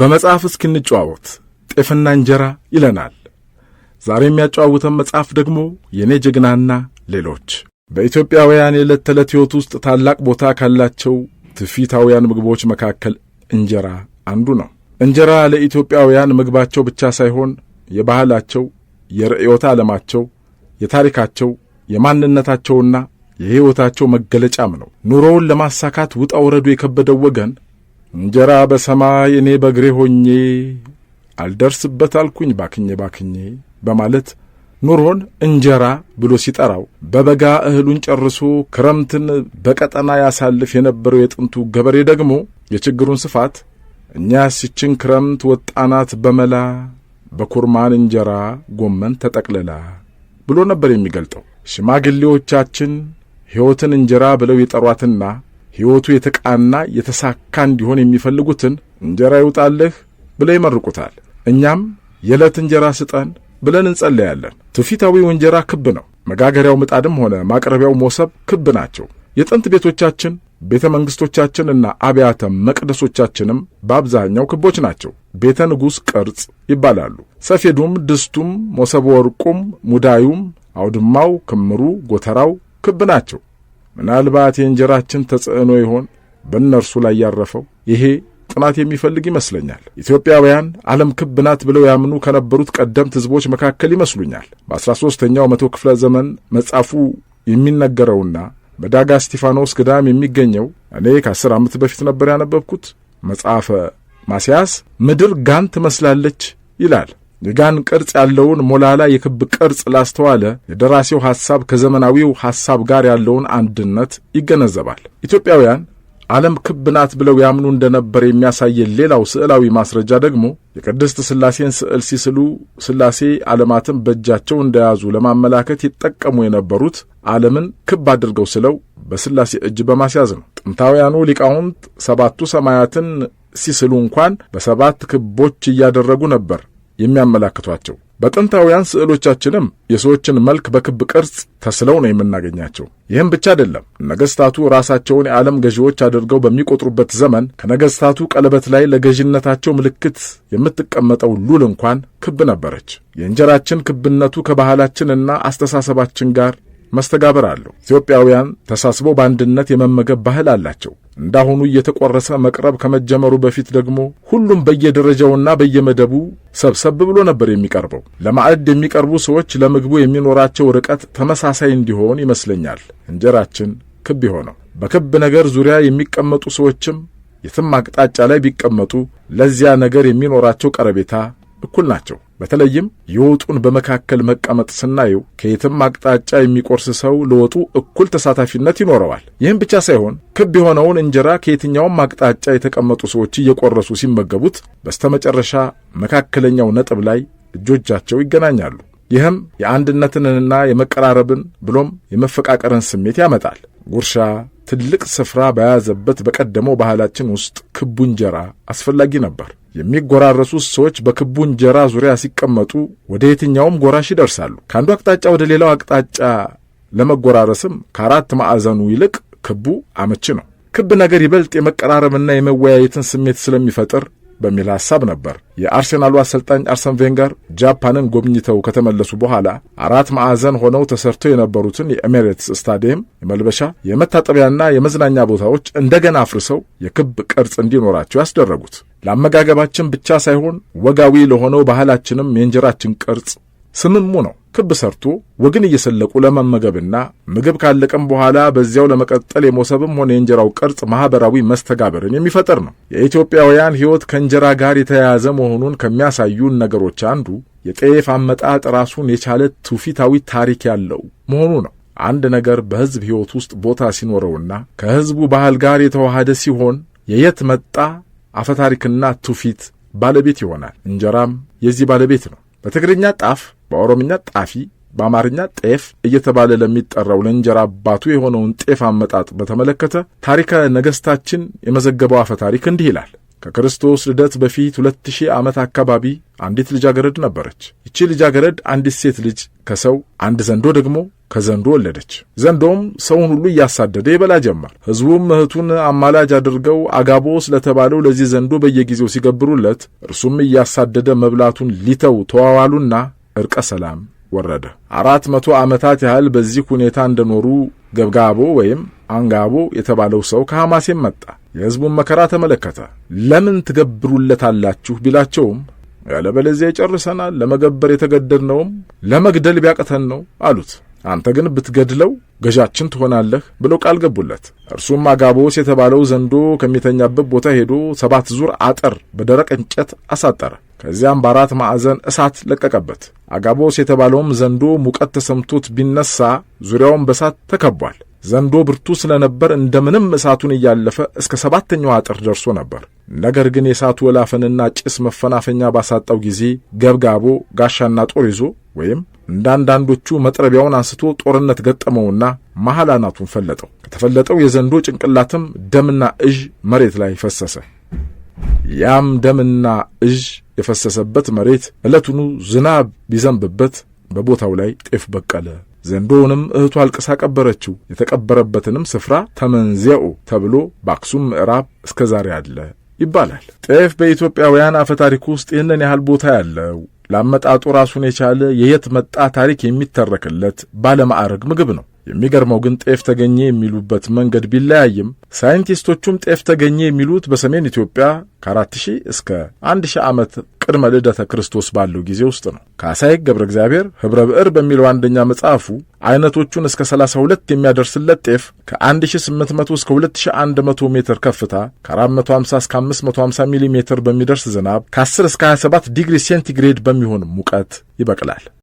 በመጽሐፍ እስክንጨዋወት ጤፍና እንጀራ ይለናል። ዛሬ የሚያጨዋውተን መጽሐፍ ደግሞ የእኔ ጀግናና ሌሎች በኢትዮጵያውያን የዕለት ተዕለት ሕይወት ውስጥ ታላቅ ቦታ ካላቸው ትውፊታውያን ምግቦች መካከል እንጀራ አንዱ ነው። እንጀራ ለኢትዮጵያውያን ምግባቸው ብቻ ሳይሆን የባህላቸው፣ የርዕዮተ ዓለማቸው፣ የታሪካቸው፣ የማንነታቸውና የሕይወታቸው መገለጫም ነው። ኑሮውን ለማሳካት ውጣ ውረዱ የከበደው ወገን እንጀራ በሰማይ እኔ በእግሬ ሆኜ አልደርስበት አልኩኝ ባክኜ ባክኜ በማለት ኑሮን እንጀራ ብሎ ሲጠራው በበጋ እህሉን ጨርሶ ክረምትን በቀጠና ያሳልፍ የነበረው የጥንቱ ገበሬ ደግሞ የችግሩን ስፋት እኛስ ይችን ክረምት ወጣናት በመላ በኩርማን እንጀራ ጎመን ተጠቅልላ ብሎ ነበር የሚገልጠው። ሽማግሌዎቻችን ሕይወትን እንጀራ ብለው ይጠሯትና ሕይወቱ የተቃና የተሳካ እንዲሆን የሚፈልጉትን እንጀራ ይውጣልህ ብለው ይመርቁታል። እኛም የዕለት እንጀራ ስጠን ብለን እንጸለያለን። ትውፊታዊው እንጀራ ክብ ነው። መጋገሪያው ምጣድም ሆነ ማቅረቢያው ሞሰብ ክብ ናቸው። የጥንት ቤቶቻችን ቤተ መንግሥቶቻችንና አብያተ መቅደሶቻችንም በአብዛኛው ክቦች ናቸው። ቤተ ንጉሥ ቅርጽ ይባላሉ። ሰፌዱም፣ ድስቱም፣ ሞሰብ ወርቁም፣ ሙዳዩም፣ አውድማው፣ ክምሩ፣ ጎተራው ክብ ናቸው። ምናልባት የእንጀራችን ተጽዕኖ ይሆን በእነርሱ ላይ ያረፈው? ይሄ ጥናት የሚፈልግ ይመስለኛል። ኢትዮጵያውያን ዓለም ክብ ናት ብለው ያምኑ ከነበሩት ቀደምት ሕዝቦች መካከል ይመስሉኛል። በ13ኛው መቶ ክፍለ ዘመን መጻፉ የሚነገረውና በዳጋ እስጢፋኖስ ገዳም የሚገኘው እኔ ከአስር ዓመት በፊት ነበር ያነበብኩት መጽሐፈ ማስያስ ምድር ጋን ትመስላለች ይላል። የጋን ቅርጽ ያለውን ሞላላ የክብ ቅርጽ ላስተዋለ የደራሲው ሐሳብ ከዘመናዊው ሐሳብ ጋር ያለውን አንድነት ይገነዘባል። ኢትዮጵያውያን ዓለም ክብ ናት ብለው ያምኑ እንደነበር የሚያሳየን ሌላው ስዕላዊ ማስረጃ ደግሞ የቅድስት ሥላሴን ስዕል ሲስሉ ሥላሴ ዓለማትን በእጃቸው እንደያዙ ለማመላከት ይጠቀሙ የነበሩት ዓለምን ክብ አድርገው ስለው በሥላሴ እጅ በማስያዝ ነው። ጥንታውያኑ ሊቃውንት ሰባቱ ሰማያትን ሲስሉ እንኳን በሰባት ክቦች እያደረጉ ነበር የሚያመላክቷቸው። በጥንታውያን ስዕሎቻችንም የሰዎችን መልክ በክብ ቅርጽ ተስለው ነው የምናገኛቸው። ይህም ብቻ አይደለም። ነገሥታቱ ራሳቸውን የዓለም ገዢዎች አድርገው በሚቆጥሩበት ዘመን ከነገሥታቱ ቀለበት ላይ ለገዢነታቸው ምልክት የምትቀመጠው ሉል እንኳን ክብ ነበረች። የእንጀራችን ክብነቱ ከባህላችንና አስተሳሰባችን ጋር መስተጋበር አለው። ኢትዮጵያውያን ተሳስበው በአንድነት የመመገብ ባህል አላቸው። እንዳሁኑ እየተቆረሰ መቅረብ ከመጀመሩ በፊት ደግሞ ሁሉም በየደረጃውና በየመደቡ ሰብሰብ ብሎ ነበር የሚቀርበው። ለማዕድ የሚቀርቡ ሰዎች ለምግቡ የሚኖራቸው ርቀት ተመሳሳይ እንዲሆን ይመስለኛል። እንጀራችን ክብ የሆነው በክብ ነገር ዙሪያ የሚቀመጡ ሰዎችም የትም አቅጣጫ ላይ ቢቀመጡ ለዚያ ነገር የሚኖራቸው ቀረቤታ እኩል ናቸው። በተለይም የወጡን በመካከል መቀመጥ ስናየው ከየትም አቅጣጫ የሚቆርስ ሰው ለወጡ እኩል ተሳታፊነት ይኖረዋል። ይህም ብቻ ሳይሆን ክብ የሆነውን እንጀራ ከየትኛውም አቅጣጫ የተቀመጡ ሰዎች እየቆረሱ ሲመገቡት በስተመጨረሻ መካከለኛው ነጥብ ላይ እጆቻቸው ይገናኛሉ። ይህም የአንድነትንና የመቀራረብን ብሎም የመፈቃቀርን ስሜት ያመጣል። ጉርሻ ትልቅ ስፍራ በያዘበት በቀደመው ባህላችን ውስጥ ክቡ እንጀራ አስፈላጊ ነበር። የሚጎራረሱት ሰዎች በክቡ እንጀራ ዙሪያ ሲቀመጡ ወደ የትኛውም ጎራሽ ይደርሳሉ። ከአንዱ አቅጣጫ ወደ ሌላው አቅጣጫ ለመጎራረስም ከአራት ማዕዘኑ ይልቅ ክቡ አመቺ ነው። ክብ ነገር ይበልጥ የመቀራረብና የመወያየትን ስሜት ስለሚፈጥር በሚል ሐሳብ ነበር የአርሴናሉ አሰልጣኝ አርሰን ቬንገር ጃፓንን ጎብኝተው ከተመለሱ በኋላ አራት ማዕዘን ሆነው ተሰርተው የነበሩትን የኤሜሬትስ ስታዲየም የመልበሻ የመታጠቢያና የመዝናኛ ቦታዎች እንደገና አፍርሰው የክብ ቅርጽ እንዲኖራቸው ያስደረጉት። ለአመጋገባችን ብቻ ሳይሆን ወጋዊ ለሆነው ባህላችንም የእንጀራችን ቅርጽ ስምሙ ነው። ክብ ሰርቶ ወግን እየሰለቁ ለመመገብና ምግብ ካለቀም በኋላ በዚያው ለመቀጠል የሞሰብም ሆነ የእንጀራው ቅርጽ ማኅበራዊ መስተጋበርን የሚፈጠር ነው። የኢትዮጵያውያን ሕይወት ከእንጀራ ጋር የተያያዘ መሆኑን ከሚያሳዩን ነገሮች አንዱ የጤፍ አመጣጥ ራሱን የቻለ ትውፊታዊ ታሪክ ያለው መሆኑ ነው። አንድ ነገር በሕዝብ ሕይወት ውስጥ ቦታ ሲኖረውና ከሕዝቡ ባህል ጋር የተዋሃደ ሲሆን የየት መጣ አፈታሪክና ትውፊት ባለቤት ይሆናል። እንጀራም የዚህ ባለቤት ነው። በትግርኛ ጣፍ፣ በኦሮምኛ ጣፊ፣ በአማርኛ ጤፍ እየተባለ ለሚጠራው ለእንጀራ አባቱ የሆነውን ጤፍ አመጣጥ በተመለከተ ታሪከ ነገሥታችን የመዘገበው አፈ ታሪክ እንዲህ ይላል። ከክርስቶስ ልደት በፊት ሁለት ሺህ ዓመት አካባቢ አንዲት ልጃገረድ ነበረች። ይቺ ልጃገረድ አንዲት ሴት ልጅ ከሰው አንድ ዘንዶ ደግሞ ከዘንዶ ወለደች። ዘንዶም ሰውን ሁሉ እያሳደደ ይበላ ጀመር። ሕዝቡም እህቱን አማላጅ አድርገው አጋቦስ ለተባለው ለዚህ ዘንዶ በየጊዜው ሲገብሩለት፣ እርሱም እያሳደደ መብላቱን ሊተው ተዋዋሉና እርቀ ሰላም ወረደ። አራት መቶ ዓመታት ያህል በዚህ ሁኔታ እንደኖሩ ገብጋቦ ወይም አንጋቦ የተባለው ሰው ከሐማሴም መጣ። የሕዝቡን መከራ ተመለከተ። ለምን ትገብሩለታላችሁ ቢላቸውም ያለበለዚያ ይጨርሰናል፣ ለመገበር የተገደድነውም ለመግደል ቢያቅተን ነው አሉት። አንተ ግን ብትገድለው ገዣችን ትሆናለህ ብለው ቃል ገቡለት። እርሱም አጋቦስ የተባለው ዘንዶ ከሚተኛበት ቦታ ሄዶ ሰባት ዙር አጥር በደረቅ እንጨት አሳጠረ። ከዚያም በአራት ማዕዘን እሳት ለቀቀበት። አጋቦስ የተባለውም ዘንዶ ሙቀት ተሰምቶት ቢነሳ ዙሪያውን በእሳት ተከቧል። ዘንዶ ብርቱ ስለነበር እንደምንም እሳቱን እያለፈ እስከ ሰባተኛው አጥር ደርሶ ነበር። ነገር ግን የእሳቱ ወላፈንና ጭስ መፈናፈኛ ባሳጣው ጊዜ ገብጋቦ ጋሻና ጦር ይዞ ወይም እንደ አንዳንዶቹ መጥረቢያውን አንስቶ ጦርነት ገጠመውና መሃል አናቱን ፈለጠው። ከተፈለጠው የዘንዶ ጭንቅላትም ደምና እዥ መሬት ላይ ፈሰሰ። ያም ደምና እዥ የፈሰሰበት መሬት ዕለቱኑ ዝናብ ቢዘንብበት በቦታው ላይ ጤፍ በቀለ። ዘንዶውንም እህቱ አልቅሳ ቀበረችው። የተቀበረበትንም ስፍራ ተመንዚያኡ ተብሎ በአክሱም ምዕራብ እስከ ዛሬ አለ ይባላል። ጤፍ በኢትዮጵያውያን አፈታሪክ ውስጥ ይህንን ያህል ቦታ ያለው ለአመጣጡ ራሱን የቻለ የየት መጣ ታሪክ የሚተረክለት ባለማዕረግ ምግብ ነው። የሚገርመው ግን ጤፍ ተገኘ የሚሉበት መንገድ ቢለያይም ሳይንቲስቶቹም ጤፍ ተገኘ የሚሉት በሰሜን ኢትዮጵያ ከ4000 እስከ 1000 ዓመት ቅድመ ልደተ ክርስቶስ ባለው ጊዜ ውስጥ ነው። ካሳይ ገብረ እግዚአብሔር ኅብረ ብዕር በሚለው አንደኛ መጽሐፉ አይነቶቹን እስከ 32 የሚያደርስለት ጤፍ ከ1800 እስከ 2100 ሜትር ከፍታ ከ450 እስከ 550 ሚሊ ሜትር በሚደርስ ዝናብ ከ10 እስከ 27 ዲግሪ ሴንቲግሬድ በሚሆን ሙቀት ይበቅላል።